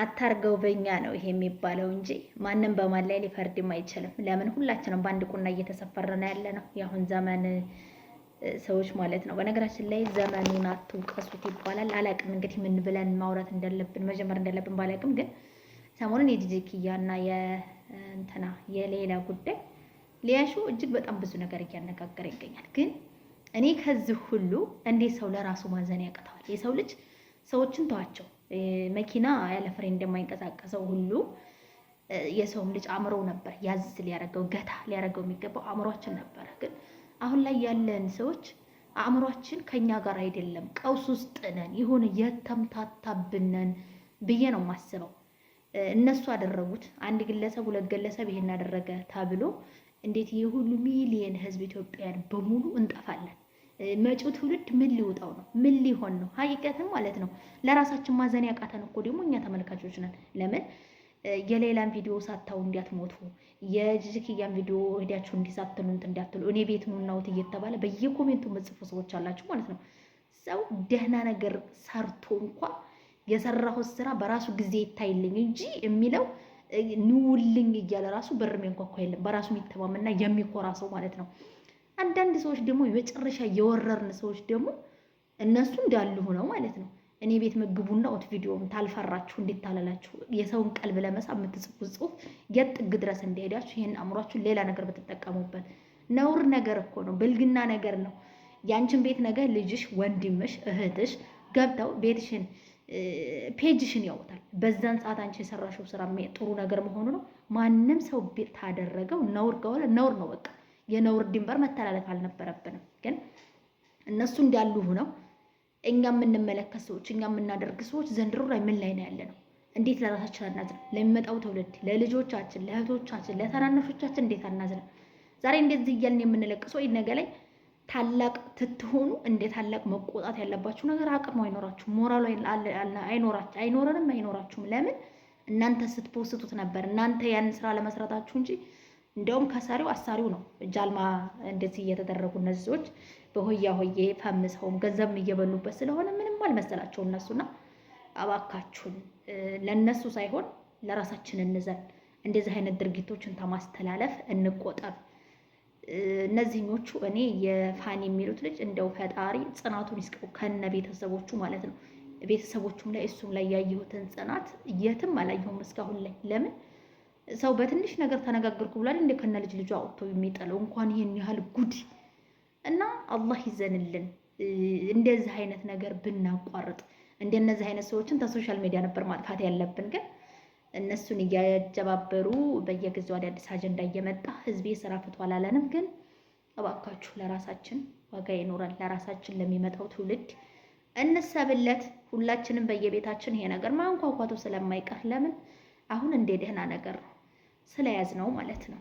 አታርገው በኛ ነው ይሄ የሚባለው እንጂ ማንም በማን ላይ ሊፈርድም አይችልም። ለምን ሁላችንም በአንድ ቁና እየተሰፈረን ያለ ነው የአሁን ዘመን ሰዎች ማለት ነው። በነገራችን ላይ ዘመኑን አትውቀሱት ይባላል። አላቅም እንግዲህ ምን ብለን ማውራት እንዳለብን መጀመር እንዳለብን ባላቅም፣ ግን ሰሞኑን የጂጂኪያና የእንትና የሌላ ጉዳይ ሊያሹ እጅግ በጣም ብዙ ነገር እያነጋገረ ይገኛል። ግን እኔ ከዚህ ሁሉ እንዴት ሰው ለራሱ ማዘን ያቅተዋል? የሰው ልጅ ሰዎችን ተዋቸው መኪና ያለ ፍሬ እንደማይንቀሳቀሰው ሁሉ የሰውም ልጅ አእምሮ ነበር ያዝ ሊያደርገው ገታ ሊያደርገው የሚገባው አእምሯችን ነበረ። ግን አሁን ላይ ያለን ሰዎች አእምሯችን ከኛ ጋር አይደለም፣ ቀውስ ውስጥ ነን፣ የሆነ የተምታታብነን ብዬ ነው የማስበው። እነሱ አደረጉት። አንድ ግለሰብ ሁለት ግለሰብ ይሄን አደረገ ተብሎ እንዴት የሁሉ ሚሊየን ህዝብ ኢትዮጵያን በሙሉ እንጠፋለን? መጪው ትውልድ ምን ሊውጣው ነው? ምን ሊሆን ነው? ሀቂቀትን ማለት ነው። ለራሳችን ማዘን ያቃተን እኮ ደግሞ እኛ ተመልካቾች ነን። ለምን የሌላን ቪዲዮ ሳታው እንዲያትሞቱ የጅጅክያን ቪዲዮ ሄዳችሁ እንዲሳትሉንት እንዲያትሉ እኔ ቤት ኑናውት እየተባለ በየኮሜንቱ መጽፎ ሰዎች አላችሁ ማለት ነው። ሰው ደህና ነገር ሰርቶ እንኳ የሰራሁት ስራ በራሱ ጊዜ ይታይልኝ እንጂ የሚለው ንውልኝ እያለ ራሱ በር የሚያንኳኳ የለም። በራሱ የሚተማመና የሚኮራ ሰው ማለት ነው። አንዳንድ ሰዎች ደግሞ የመጨረሻ የወረርን ሰዎች ደግሞ እነሱ እንዳሉ ሆነው ማለት ነው። እኔ ቤት ምግቡና ኦት ቪዲዮም ታልፈራችሁ እንዲታለላችሁ የሰውን ቀልብ ለመሳብ የምትጽፉ ጽሁፍ የጥግ ድረስ እንዲሄዳችሁ ይህን አእምሯችሁ ሌላ ነገር ብትጠቀሙበት ነውር ነገር እኮ ነው። ብልግና ነገር ነው። ያንቺን ቤት ነገር ልጅሽ፣ ወንድምሽ፣ እህትሽ ገብተው ቤትሽን ፔጅሽን ያውታል። በዛን ሰዓት አንቺ የሰራሽው ስራ ጥሩ ነገር መሆኑ ነው። ማንም ሰው ታደረገው ነውር ከሆነ ነውር ነው በቃ። የነውር ድንበር መተላለፍ አልነበረብንም። ግን እነሱ እንዳሉ ሆነው እኛ የምንመለከት ሰዎች፣ እኛ የምናደርግ ሰዎች ዘንድሮ ላይ ምን ላይ ነው ያለ ነው? እንዴት ለራሳችን አናዝ ለሚመጣው ትውልድ፣ ለልጆቻችን፣ ለእህቶቻችን፣ ለተናናሾቻችን እንዴት አናዝን? ዛሬ እንደዚህ እያልን የምንለቅሰው ነገ ላይ ታላቅ ትትሆኑ እንደ ታላቅ መቆጣት ያለባችሁ ነገር አቅሙ አይኖራችሁም፣ ሞራሉ አይኖረንም፣ አይኖራችሁም። ለምን እናንተ ስትፖስቱት ነበር እናንተ ያን ስራ ለመስራታችሁ እንጂ እንደውም ከሳሪው አሳሪው ነው። ጃልማ እንደዚህ እየተደረጉ እነዚህ ሰዎች በሆያ ሆዬ ፈምሰውም ገንዘብም እየበሉበት ስለሆነ ምንም አልመሰላቸው እነሱና፣ አባካችሁን ለእነሱ ሳይሆን ለራሳችን እንዘን፣ እንደዚህ አይነት ድርጊቶችን ተማስተላለፍ እንቆጠብ። እነዚህኞቹ እኔ የፋን የሚሉት ልጅ እንደው ፈጣሪ ጽናቱን ይስቀው ከነ ቤተሰቦቹ ማለት ነው። ቤተሰቦቹም ላይ እሱም ላይ ያየሁትን ጽናት የትም አላየሁም እስካሁን ላይ ለምን ሰው በትንሽ ነገር ተነጋገርኩ ብሏል እንደ ከነ ልጅ ልጁ አውጥቶ የሚጠለው እንኳን ይሄን ያህል ጉድ እና አላህ ይዘንልን። እንደዚህ አይነት ነገር ብናቋርጥ እንደነዚህ አይነት ሰዎችን ከሶሻል ሚዲያ ነበር ማጥፋት ያለብን ግን እነሱን እያጀባበሩ በየጊዜው አዳዲስ አጀንዳ እየመጣ ህዝብ ስራ ፍቶ አላለንም። ግን እባካችሁ ለራሳችን ዋጋ ይኖረን፣ ለራሳችን ለሚመጣው ትውልድ እንሰብለት። ሁላችንም በየቤታችን ይሄ ነገር ማንኳኳቱ ስለማይቀር ለምን አሁን እንደ ደህና ነገር ነው። ስለያዝ ነው ማለት ነው።